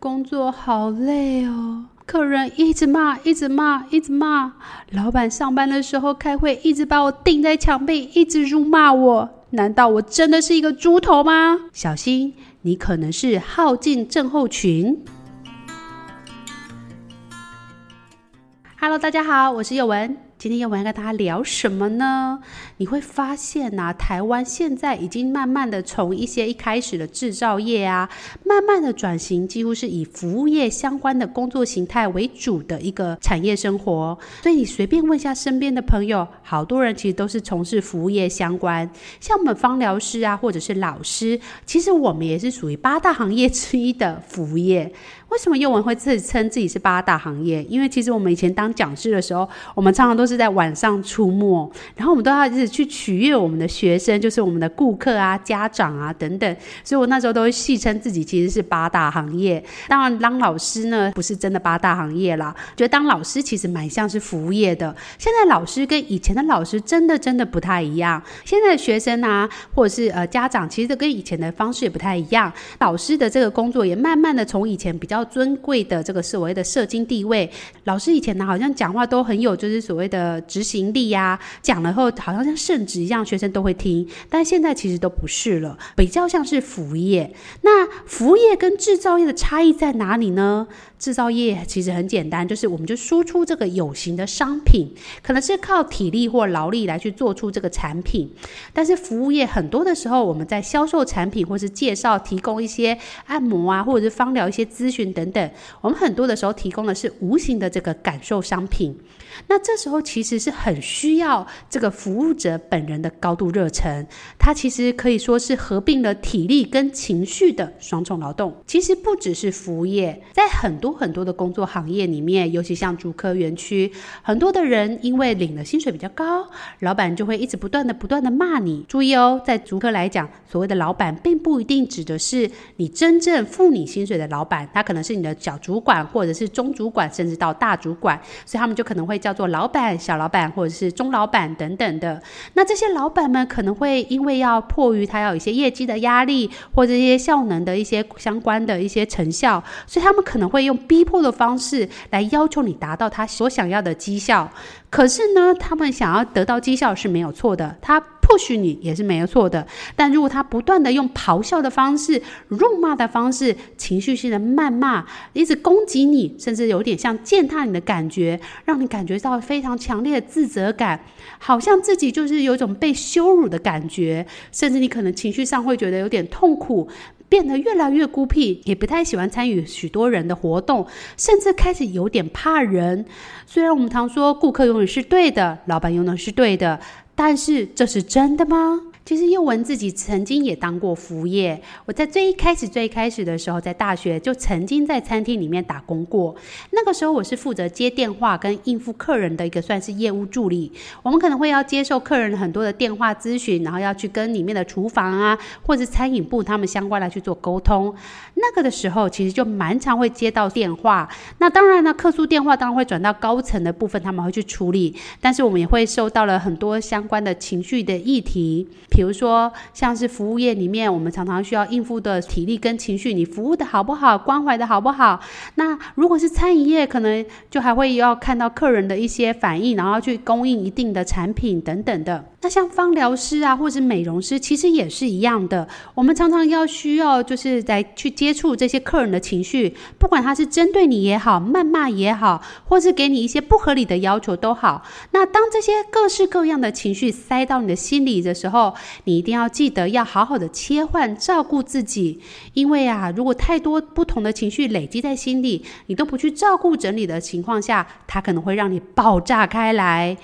工作好累哦，客人一直罵，一直罵，一直罵。老闆上班的時候開會，一直把我釘在牆壁，一直辱罵我。難道我真的是一個豬頭嗎？小心，你可能是耗盡症候群。Hello，大家好，我是宥雯。今天要不跟大家聊什麼呢？你會發現呢，啊，台灣現在已經慢慢的從一些一開始的制造業啊，慢慢的轉型，幾乎是以服務業相關的工作形態為主的一個產業生活。所以你隨便問一下身邊的朋友，好多人其實都是從事服務業相關，像我們芳療師啊，或者是老師，其實我們也是屬於八大行業之一的服務業。為什麼宥雯會自稱自己是八大行業？因為其實我們以前當講師的時候，我們常常都是在晚上出沒，然後我們都要一直去取悅我們的學生，就是我們的顧客啊、家長啊等等。所以我那時候都會戲稱自己其實是八大行業。當然，當老師呢，不是真的八大行業啦。覺得當老師其實蠻像是服務業的。現在老師跟以前的老師真的真的不太一樣。現在的學生啊，或者是呃家長，其實跟以前的方式也不太一樣。老師的這個工作也慢慢的從以前比較尊貴的這個所謂的社經地位，老師以前呢，好像講話都很有就是所謂的執行力呀、啊，講了後好像像聖旨一樣，學生都會聽。但現在其實都不是了，比較像是服務業。那服務業跟製造業的差異在哪裡呢？製造業其實很簡單，就是我們就輸出這個有形的商品，可能是靠體力或勞力來去做出這個產品。但是服務業很多的時候，我們在銷售產品，或是介紹、提供一些按摩啊，或者是芳療一些諮詢。等等，我們很多的時候提供的是無形的這個感受商品，那這時候其實是很需要這個服務者本人的高度熱忱，他其實可以說是合併了體力跟情緒的雙重勞動。其實不只是服務業，在很多很多的工作行業裡面，尤其像竹科園區，很多的人因為領的薪水比較高，老板就會一直不斷的不斷的罵你。注意哦，在竹科來講，所謂的老板並不一定指的是你真正付你薪水的老板，他可能。是你的小主管，或者是中主管，甚至到大主管，所以他們就可能會叫做老闆、小老闆，或者是中老闆等等的。那這些老闆們可能會因為要迫於他要有一些業績的壓力，或者一些效能的一些相關的一些成效，所以他們可能會用逼迫的方式來要求你達到他所想要的績效。可是呢，他們想要得到績效是沒有錯的，他。或許你也是沒有錯的，但如果他不斷的用咆哮的方式、辱罵的方式、情緒性的謾罵，一直攻擊你，甚至有點像踐踏你的感覺，讓你感覺到非常強烈的自責感，好像自己就是有一種被羞辱的感覺，甚至你可能情緒上會覺得有點痛苦，變得越來越孤僻，也不太喜歡參與許多人的活動，甚至開始有點怕人。雖然我們常說顧客永遠是對的，老板永遠是對的。但是，這是真的嗎？其實，宥雯自己曾經也當過服務業。我在最一開始、最一開始的時候，在大學就曾經在餐廳裡面打工過。那個時候，我是負責接電話跟應付客人的一個算是業務助理。我們可能會要接受客人很多的電話諮詢，然後要去跟裡面的廚房啊，或者餐飲部他們相關的去做溝通。那個的時候，其實就蠻常會接到電話。那當然呢，客訴電話當然會轉到高層的部分，他們會去處理。但是我們也會受到了很多相關的情緒的議題。比如說，像是服務業裡面，我們常常需要應付的體力跟情緒，你服務的好不好，關懷的好不好。那如果是餐飲業，可能就還會要看到客人的一些反應，然後去供應一定的產品等等的。那像芳療師啊，或者是美容師，其實也是一樣的。我們常常要需要，就是來去接觸這些客人的情緒，不管他是針對你也好，謾罵也好，或是給你一些不合理的要求都好。那當這些各式各樣的情緒塞到你的心裡的時候，你一定要記得要好好的切換照顧自己，因為啊，如果太多不同的情緒累積在心裡，你都不去照顧整理的情況下，它可能會讓你爆炸開來。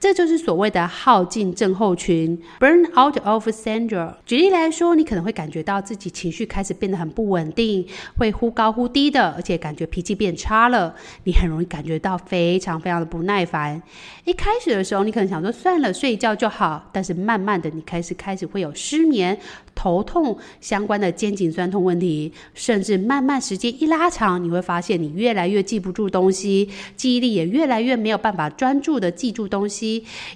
這就是所謂的耗盡症候群 （burnout of syndrome）。舉例來說，你可能會感覺到自己情緒開始變得很不穩定，會忽高忽低的，而且感覺脾氣變差了。你很容易感覺到非常非常的不耐煩。一開始的時候，你可能想說算了，睡一覺就好，但是慢慢的，你開始開始會有失眠、頭痛相關的肩頸酸痛問題，甚至慢慢時間一拉長，你會發現你越來越記不住東西，記憶力也越來越沒有辦法專注的記住東西。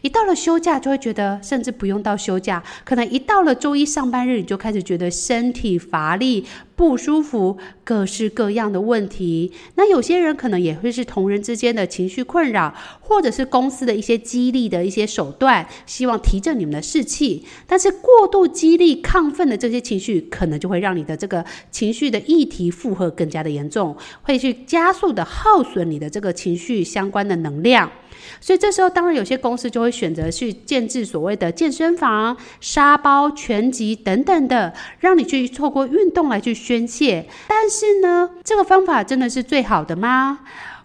一到了休假就會覺得，甚至不用到休假，可能一到了週一上班日，你就開始覺得身體乏力、不舒服，各式各樣的問題。那有些人可能也會是同仁之間的情緒困擾，或者是公司的一些激勵的一些手段，希望提振你們的士氣。但是過度激勵、亢奮的這些情緒，可能就會讓你的這個情緒的議題負荷更加的嚴重，會去加速的耗損你的這個情緒相關的能量。所以這時候，當然有些公司就會選擇去建置所謂的健身房、沙包、拳擊等等的，讓你去透過運動來去宣洩。但是呢，這個方法真的是最好的嗎？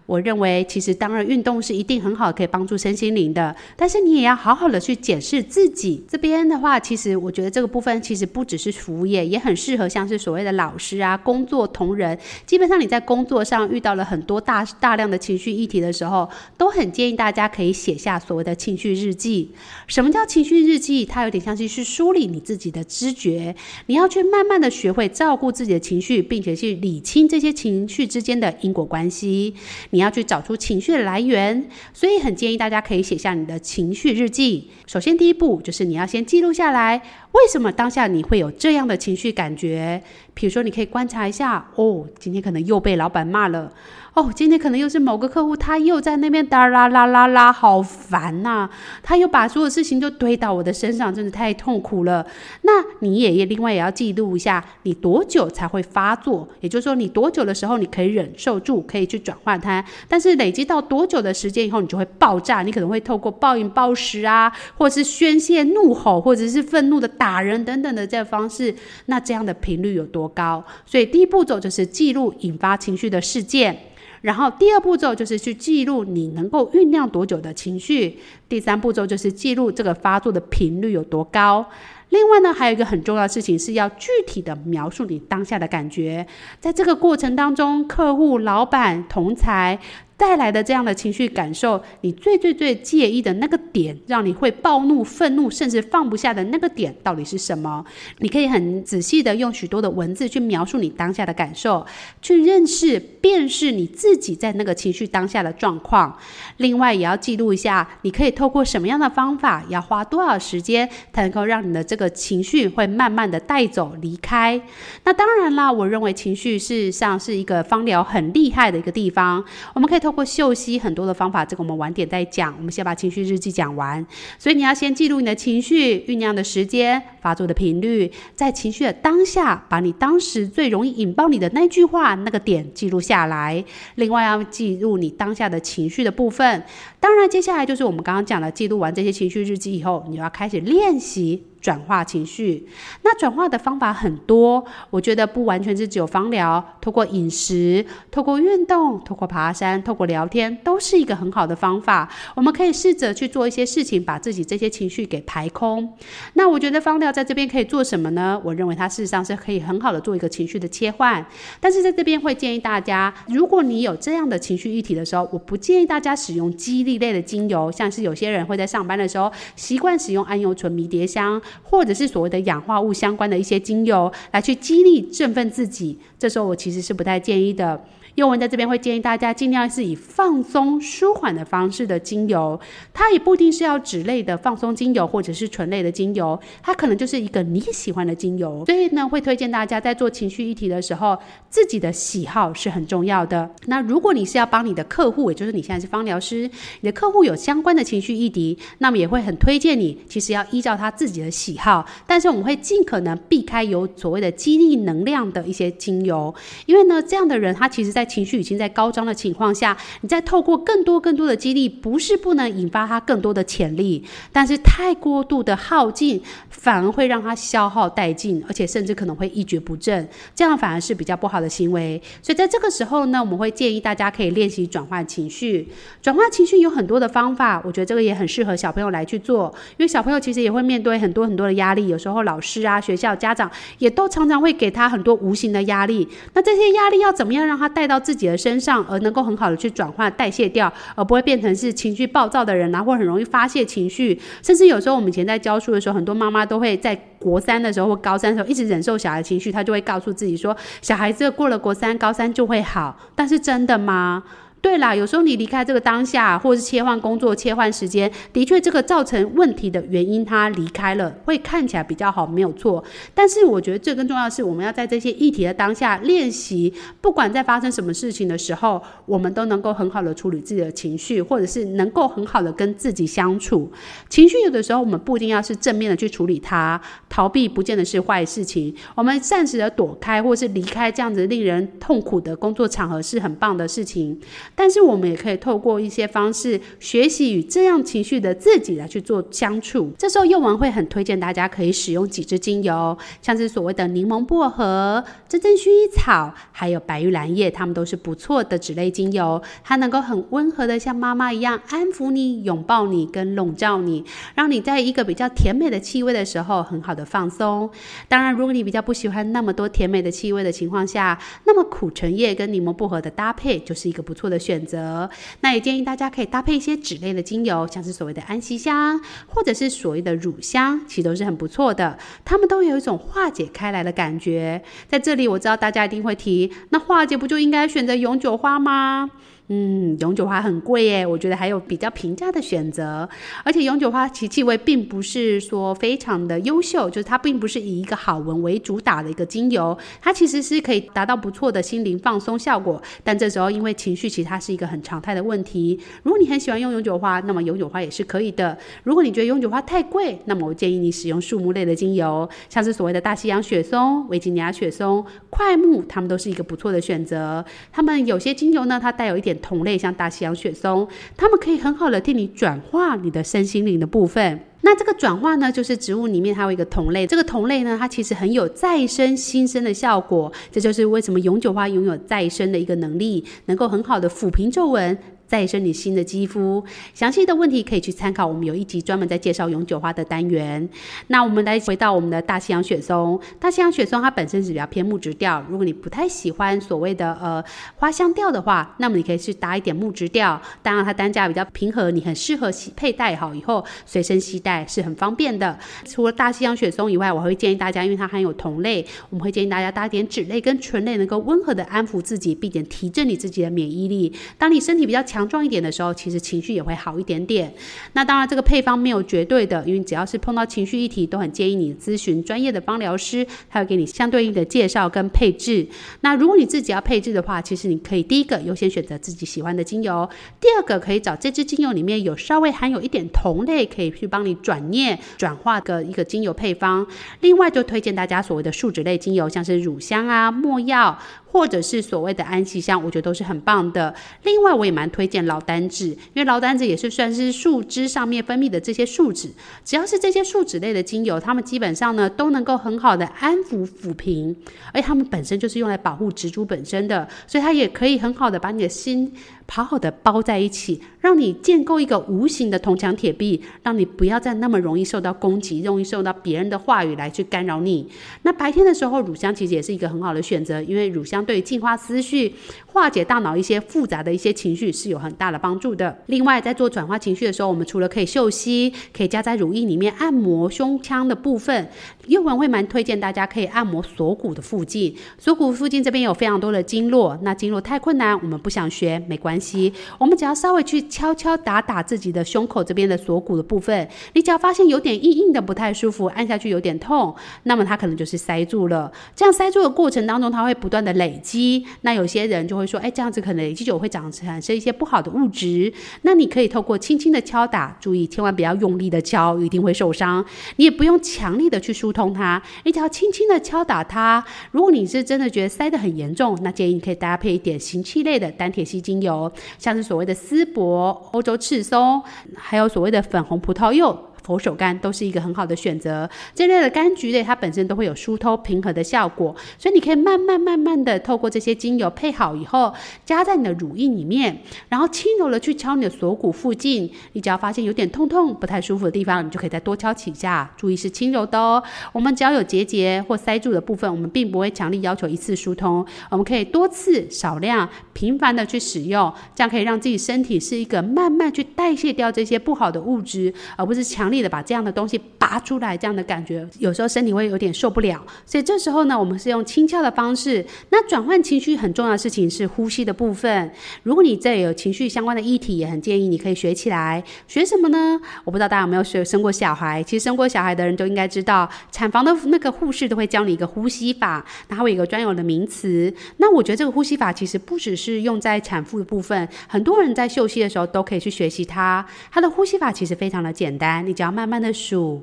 我認為，其實當然運動是一定很好，可以幫助身心靈的。但是你也要好好的去檢視自己。這邊的話，其實我覺得這個部分其實不只是服務業，也很適合像是所謂的老師啊、工作同仁。基本上你在工作上遇到了很多大大量的情緒議題的時候，都很建議大家可以寫下所謂的情緒日記。什麼叫情緒日記？它有點像是去梳理你自己的知覺，你要去慢慢的學會照顧自己的情緒，並且去理清這些情緒之間的因果關係。你。你要去找出情緒的來源，所以很建議大家可以寫下你的情緒日記。首先，第一步就是你要先記錄下來，為什麼當下你會有這樣的情緒感覺？比如說，你可以觀察一下，哦，今天可能又被老闆罵了。哦，今天可能又是某個客戶，他又在那邊噠啦啦啦啦，好煩吶、啊！他又把所有事情都堆到我的身上，真的太痛苦了。那你也也另外也要記錄一下，你多久才會發作？也就是說，你多久的時候你可以忍受住，可以去轉換它？但是累積到多久的時間以後，你就會爆炸？你可能會透過暴飲暴食啊，或者是宣洩怒吼，或者是憤怒的打人等等的這方式。那這樣的頻率有多高？所以第一步驟就是記錄引發情緒的事件。然後第二步驟就是去記錄你能夠醞釀多久的情緒。第三步驟就是記錄這個發作的頻率有多高。另外呢，還有一個很重要的事情是要具體的描述你當下的感覺。在這個過程當中，客戶、老闆、同儕。帶來的這樣的情緒感受，你最最最介意的那個點，讓你會暴怒、憤怒，甚至放不下的那個點到底是什麼？你可以很仔細的用許多的文字去描述你當下的感受，去認識、辨識你自己在那個情緒當下的狀況。另外，也要記錄一下，你可以透過什麼樣的方法，要花多少時間，才能夠讓你的這個情緒會慢慢的帶走、離開。那當然啦，我認為情緒事實上是一個芳療很厲害的一個地方，我們可以包括休息很多的方法，這個我們晚點再講。我們先把情緒日記講完，所以你要先記錄你的情緒醞釀的時間、發作的頻率，在情緒的當下，把你當時最容易引爆你的那句話、那個點記錄下來。另外要記錄你當下的情緒的部分。當然，接下來就是我們剛剛講的，記錄完這些情緒日記以後，你就要開始練習。轉化情緒，那轉化的方法很多，我覺得不完全是只有芳療，透過飲食、透過運動、透過爬山、透過聊天，都是一個很好的方法。我們可以試着去做一些事情，把自己這些情緒給排空。那我覺得芳療在這邊可以做什麼呢？我認為它事實上是可以很好的做一個情緒的切換，但是在這邊會建議大家，如果你有這樣的情緒議題的時候，我不建議大家使用激勵類的精油，像是有些人會在上班的時候習慣使用桉油醇、迷迭香。或者是所謂的氧化物相關的一些精油來去激勵振奮自己，這時候我其實是不太建議的。宥雯在這邊會建議大家儘量是以放鬆舒緩的方式的精油，它也不一定是要酯類的放鬆精油或者是醇類的精油，它可能就是一個你喜歡的精油。所以呢，會推薦大家在做情緒議題的時候，自己的喜好是很重要的。那如果你是要幫你的客戶，也就是你現在是芳療師，你的客戶有相關的情緒議題，那麼也會很推薦你，其實要依照他自己的。喜好，但是我們會盡可能避開有所謂的激勵能量的一些精油，因為呢，這樣的人他其實在情緒已經在高漲的情況下，你再透過更多更多的激勵，不是不能引發他更多的潛力，但是太過度的耗盡，反而會讓他消耗殆盡，而且甚至可能會一蹶不振，這樣反而是比較不好的行為。所以在這個時候呢，我們會建議大家可以練習轉換情緒，轉換情緒有很多的方法，我覺得這個也很適合小朋友來去做，因為小朋友其實也會面對很多。很多的壓力，有時候老師啊、學校、家長也都常常會給他很多無形的壓力。那這些壓力要怎麼樣讓他帶到自己的身上，而能夠很好的去轉化代謝掉，而不會變成是情緒暴躁的人、啊，或很容易發洩情緒。甚至有時候我們以前在教書的時候，很多媽媽都會在國三的時候或高三的時候一直忍受小孩的情緒，她就會告訴自己說，小孩子過了國三、高三就會好。但是真的嗎？對啦，有時候你離開這個當下，或是切換工作、切換時間，的確這個造成問題的原因，它離開了會看起來比較好，沒有錯。但是我覺得最更重要的是，我們要在這些議題的當下練習，不管在發生什麼事情的時候，我們都能夠很好的處理自己的情緒，或者是能夠很好的跟自己相處。情緒有的時候我們不一定要是正面的去處理它，逃避不見得是壞事情。我們暫時的躲開或是離開這樣子令人痛苦的工作場合，是很棒的事情。但是我們也可以透過一些方式學習與這樣情緒的自己來去做相處。這時候，宥雯會很推薦大家可以使用幾支精油，像是所謂的檸檬薄荷、真正薰衣草，還有白玉蘭葉，它們都是不錯的酯類精油，它能夠很溫和的像媽媽一樣安撫你、擁抱你、跟籠罩你，讓你在一個比較甜美的氣味的時候很好的放鬆。當然，如果你比較不喜歡那麼多甜美的氣味的情況下，那麼苦橙葉跟檸檬薄荷的搭配就是一個不錯的。選擇，那也建議大家可以搭配一些脂類的精油，像是所謂的安息香，或者是所謂的乳香，其實都是很不錯的。它們都有一種化解開來的感覺。在這裡，我知道大家一定會提，那化解不就應該選擇永久花嗎？嗯，永久花很貴耶，我覺得還有比較平價的選擇，而且永久花其氣味並不是說非常的優秀，就是它並不是以一個好聞為主打的一個精油，它其實是可以達到不錯的心靈放鬆效果。但這時候因為情緒其實它是一個很常態的問題，如果你很喜歡用永久花，那麼永久花也是可以的。如果你覺得永久花太貴，那麼我建議你使用樹木類的精油，像是所謂的大西洋雪松、維吉尼亞雪松、檜木，它們都是一個不錯的選擇。它們有些精油呢，它帶有一點。酮類，像大西洋雪松，它們可以很好的替你轉化你的身心靈的部分。那這個轉化呢，就是植物裡面還有一個酮類，這個酮類呢，它其實很有再生新生的效果。這就是為什麼永久花擁有再生的一個能力，能夠很好的撫平皺紋。再生你新的肌膚，詳細的問題可以去參考我們有一集專門在介紹永久花的單元。那我們來回到我們的大西洋雪松，大西洋雪松它本身是比較偏木質調，如果你不太喜歡所謂的呃花香調的話，那麼你可以去搭一點木質調。當然它單價比較平和，你很適合佩戴好以後隨身攜帶是很方便的。除了大西洋雪松以外，我會建議大家，因為它含有酮類，我們會建議大家搭一點酯類跟醇類，能夠溫和的安撫自己，並且提振你自己的免疫力。當你身體比較強。強壯一點的時候，其實情緒也會好一點點。那當然，這個配方沒有絕對的，因為只要是碰到情緒議題，都很建議你諮詢專業的芳療師，他會給你相對應的介紹跟配置。那如果你自己要配置的話，其實你可以第一個優先選擇自己喜歡的精油，第二個可以找這支精油裡面有稍微含有一點酮類，可以去幫你轉念轉化的一個精油配方。另外，就推薦大家所謂的樹脂類精油，像是乳香啊、沒藥。或者是所謂的安息香，我覺得都是很棒的。另外，我也蠻推薦勞丹脂，因為勞丹脂也是算是樹枝上面分泌的這些樹脂。只要是這些樹脂類的精油，它們基本上呢都能夠很好的安撫撫平，而它們本身就是用來保護植株本身的，所以它也可以很好的把你的心好好的包在一起，讓你建構一個無形的銅牆鐵壁，讓你不要再那麼容易受到攻擊，容易受到別人的話語來去干擾你。那白天的時候，乳香其實也是一個很好的選擇，因為乳香。相對，淨化思緒、化解大腦一些複雜的一些情緒，是有很大的幫助的。另外，在做轉化情緒的時候，我們除了可以嗅吸，可以加在乳液裡面按摩胸腔的部分，宥雯會蠻推薦大家可以按摩鎖骨的附近。鎖骨附近這邊有非常多的經絡，那經絡太困難，我們不想學，沒關係，我們只要稍微去敲敲打打自己的胸口這邊的鎖骨的部分。你只要發現有點硬硬的不太舒服，按下去有點痛，那麼它可能就是塞住了。這樣塞住的過程當中，它會不斷的累。累積，那有些人就會說，哎，這樣子可能累積久會長產生一些不好的物質。那你可以透過輕輕的敲打，注意千萬不要用力的敲，一定會受傷。你也不用強力的去疏通它，你只要輕輕的敲打它。如果你是真的覺得塞得很嚴重，那建議你可以搭配一點行氣類的單萜烯精油，像是所謂的絲柏、歐洲赤松，還有所謂的粉紅葡萄柚。佛手柑都是一個很好的選擇，這類的柑橘類它本身都會有疏通平和的效果，所以你可以慢慢慢慢的透過這些精油配好以後，加在你的乳液裡面，然後輕柔的去敲你的鎖骨附近。你只要發現有點痛痛不太舒服的地方，你就可以再多敲幾下，注意是輕柔的哦。我們只要有結節或塞住的部分，我們並不會強力要求一次疏通，我們可以多次少量頻繁的去使用，這樣可以讓自己身體是一個慢慢去代謝掉這些不好的物質，而不是強力。得把這樣的東西拔出來，這樣的感覺有時候身體會有點受不了，所以這時候呢，我們是用輕巧的方式。那轉換情緒很重要的事情是呼吸的部分。如果你這有情緒相關的議題，也很建議你可以學起來。學什麼呢？我不知道大家有沒有學生過小孩？其實生過小孩的人都應該知道，產房的那個護士都會教你一個呼吸法，然後有一個專有的名詞。那我覺得這個呼吸法其實不只是用在產婦的部分，很多人在休息的時候都可以去學習它。它的呼吸法其實非常的簡單，你教。慢慢的數，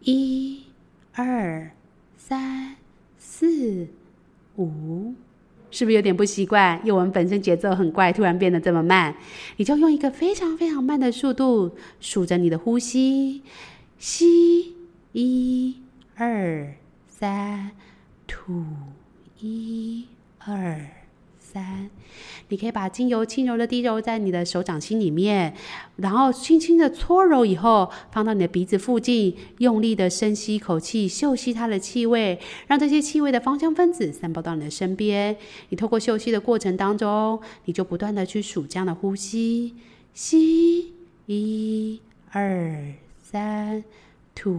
一、二、三、四、五，是不是有點不習慣？因為我們本身節奏很快，突然變得這麼慢，你就用一個非常非常慢的速度數着你的呼吸，吸一、二、三，吐一、二。三，你可以把精油輕柔的滴揉在你的手掌心裡面，然後輕輕的搓揉以後，放到你的鼻子附近，用力的深吸一口氣，嗅吸它的氣味，讓這些氣味的芳香分子散播到你的身邊。你透過嗅吸的過程當中，你就不斷的去數這樣的呼吸：吸一、二、三，吐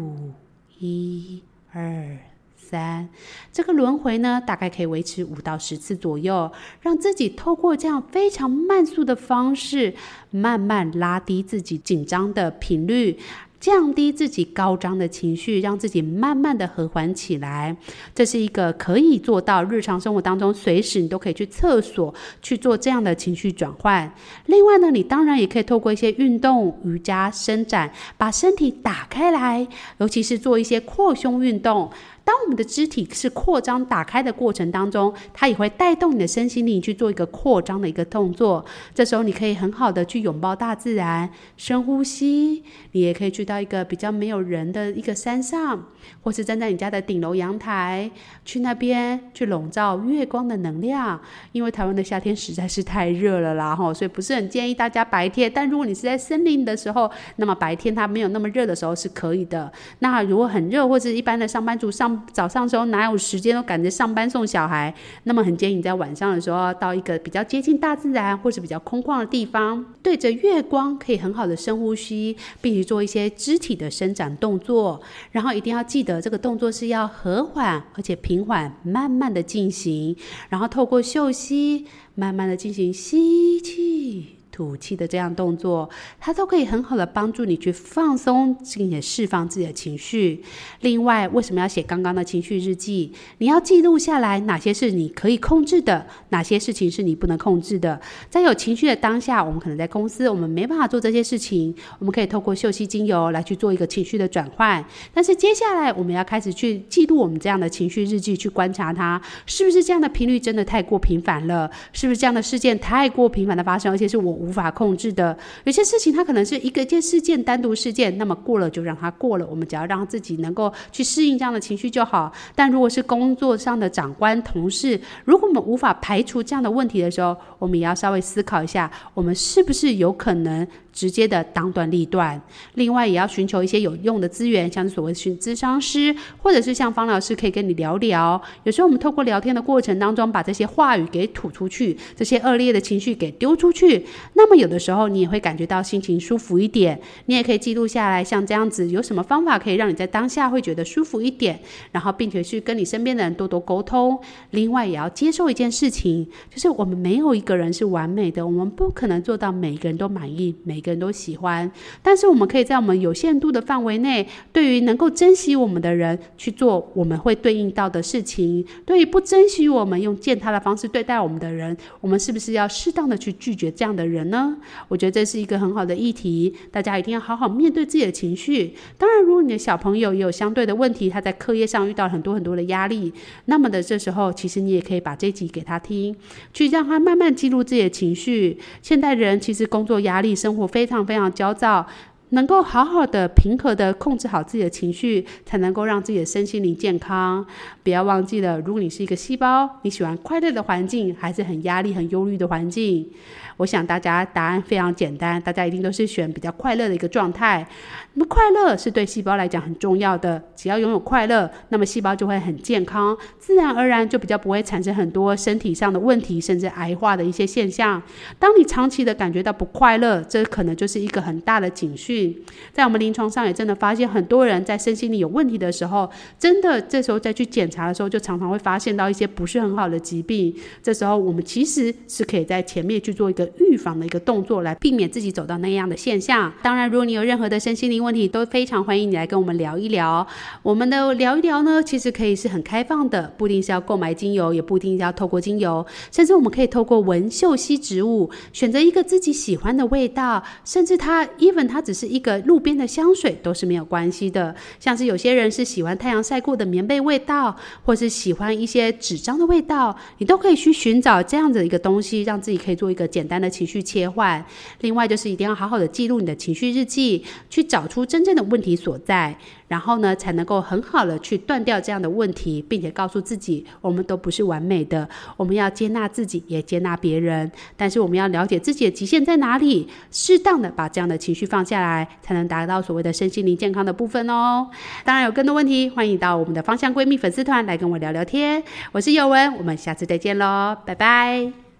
一、二。三，這個輪回呢，大概可以維持五到十次左右，讓自己透過這樣非常慢速的方式，慢慢拉低自己緊張的頻率，降低自己高張的情緒，讓自己慢慢的和緩起來。這是一個可以做到日常生活當中，隨時你都可以去廁所去做這樣的情緒轉換。另外呢，你當然也可以透過一些運動、瑜伽、伸展，把身體打開來，尤其是做一些擴胸運動。當我們的肢體是擴張打開的過程當中，它也會帶動你的身心靈去做一個擴張的一個動作。這時候你可以很好的去擁抱大自然，深呼吸。你也可以去到一個比較沒有人的一個山上，或是站在你家的頂樓陽台，去那邊去籠罩月光的能量。因為台灣的夏天實在是太熱了啦，吼、哦，所以不是很建議大家白天。但如果你是在森林的時候，那麼白天它沒有那麼熱的時候是可以的。那如果很熱，或是一般的上班族上班早上的時候哪有時間，都趕着上班送小孩，那麼很建議你在晚上的時候到一個比較接近大自然或是比較空曠的地方，對着月光可以很好的深呼吸，並且做一些肢體的伸展動作，然後一定要記得這個動作是要和緩而且平緩慢慢的進行，然後透過嗅吸慢慢的進行吸氣。吐氣的這樣動作，它都可以很好的幫助你去放鬆，並且釋放自己的情緒。另外，為什麼要寫剛剛的情緒日記？你要記錄下來哪些是你可以控制的，哪些事情是你不能控制的。在有情緒的當下，我們可能在公司，我們沒辦法做這些事情。我們可以透過嗅吸精油來去做一個情緒的轉換。但是接下來，我們要開始去記錄我們這樣的情緒日記，去觀察它是不是這樣的頻率真的太過頻繁了？是不是這樣的事件太過頻繁的發生？而且是我。無法控制的，有些事情它可能是一個件事件，單獨事件，那麼過了就讓它過了。我們只要讓自己能夠去適應這樣的情緒就好。但如果是工作上的長官、同事，如果我們無法排除這樣的問題的時候，我們也要稍微思考一下，我們是不是有可能。直接的當斷立斷，另外也要尋求一些有用的資源，像所謂尋諮商師，或者是像方老師可以跟你聊聊。有時候我們透過聊天的過程當中，把這些話語給吐出去，這些惡劣的情緒給丟出去，那麼有的時候你也會感覺到心情舒服一點。你也可以記錄下來，像這樣子，有什麼方法可以讓你在當下會覺得舒服一點？然後並且去跟你身邊的人多多溝通。另外也要接受一件事情，就是我們沒有一個人是完美的，我們不可能做到每一個人都滿意。每每個人都喜歡，但是我們可以在我們有限度的範圍內，對於能夠珍惜我們的人去做我們會對應到的事情；對於不珍惜我們、用踐踏的方式對待我們的人，我們是不是要適當的去拒絕這樣的人呢？我覺得這是一個很好的議題，大家一定要好好面對自己的情緒。當然，如果你的小朋友也有相對的問題，他在課業上遇到很多很多的壓力，那麼的這時候，其實你也可以把這集給他聽，去讓他慢慢記錄自己的情緒。現代人其實工作壓力、生活。非常非常焦躁，能夠好好的平和的控制好自己的情緒，才能夠讓自己的身心靈健康。不要忘記了，如果你是一個細胞，你喜歡快樂的環境，還是很壓力很憂慮的環境？我想大家答案非常簡單，大家一定都是選比較快樂的一個狀態。那麼快樂是對細胞來講很重要的，只要擁有快樂，那麼細胞就會很健康，自然而然就比較不會產生很多身體上的問題，甚至癌化的一些現象。當你長期的感覺到不快樂，這可能就是一個很大的警訊。在我們臨床上也真的發現，很多人在身心靈有問題的時候，真的這時候再去檢查的時候，就常常會發現到一些不是很好的疾病。這時候我們其實是可以在前面去做一個預防的一個動作，來避免自己走到那樣的現象。當然，如果你有任何的身心靈，問題都非常歡迎你來跟我們聊一聊。我們的聊一聊呢，其實可以是很開放的，不一定是要購買精油，也不一定是要透過精油，甚至我們可以透過聞嗅、吸植物，選擇一個自己喜歡的味道，甚至它 even 它只是一個路邊的香水都是沒有關係的。像是有些人是喜歡太陽曬過的棉被味道，或是喜歡一些紙張的味道，你都可以去尋找這樣子的一個東西，讓自己可以做一個簡單的情緒切換。另外就是一定要好好的記錄你的情緒日記，去找。出真正的問題所在，然後呢，才能夠很好的去斷掉這樣的問題，並且告訴自己，我們都不是完美的，我們要接納自己，也接納別人。但是我們要了解自己的極限在哪裡，適當的把這樣的情緒放下來，才能達到所謂的身心靈健康的部分哦。當然，有更多問題，歡迎到我們的芳香閨蜜粉絲團來跟我聊聊天。我是宥雯，我們下次再見嘍，拜拜。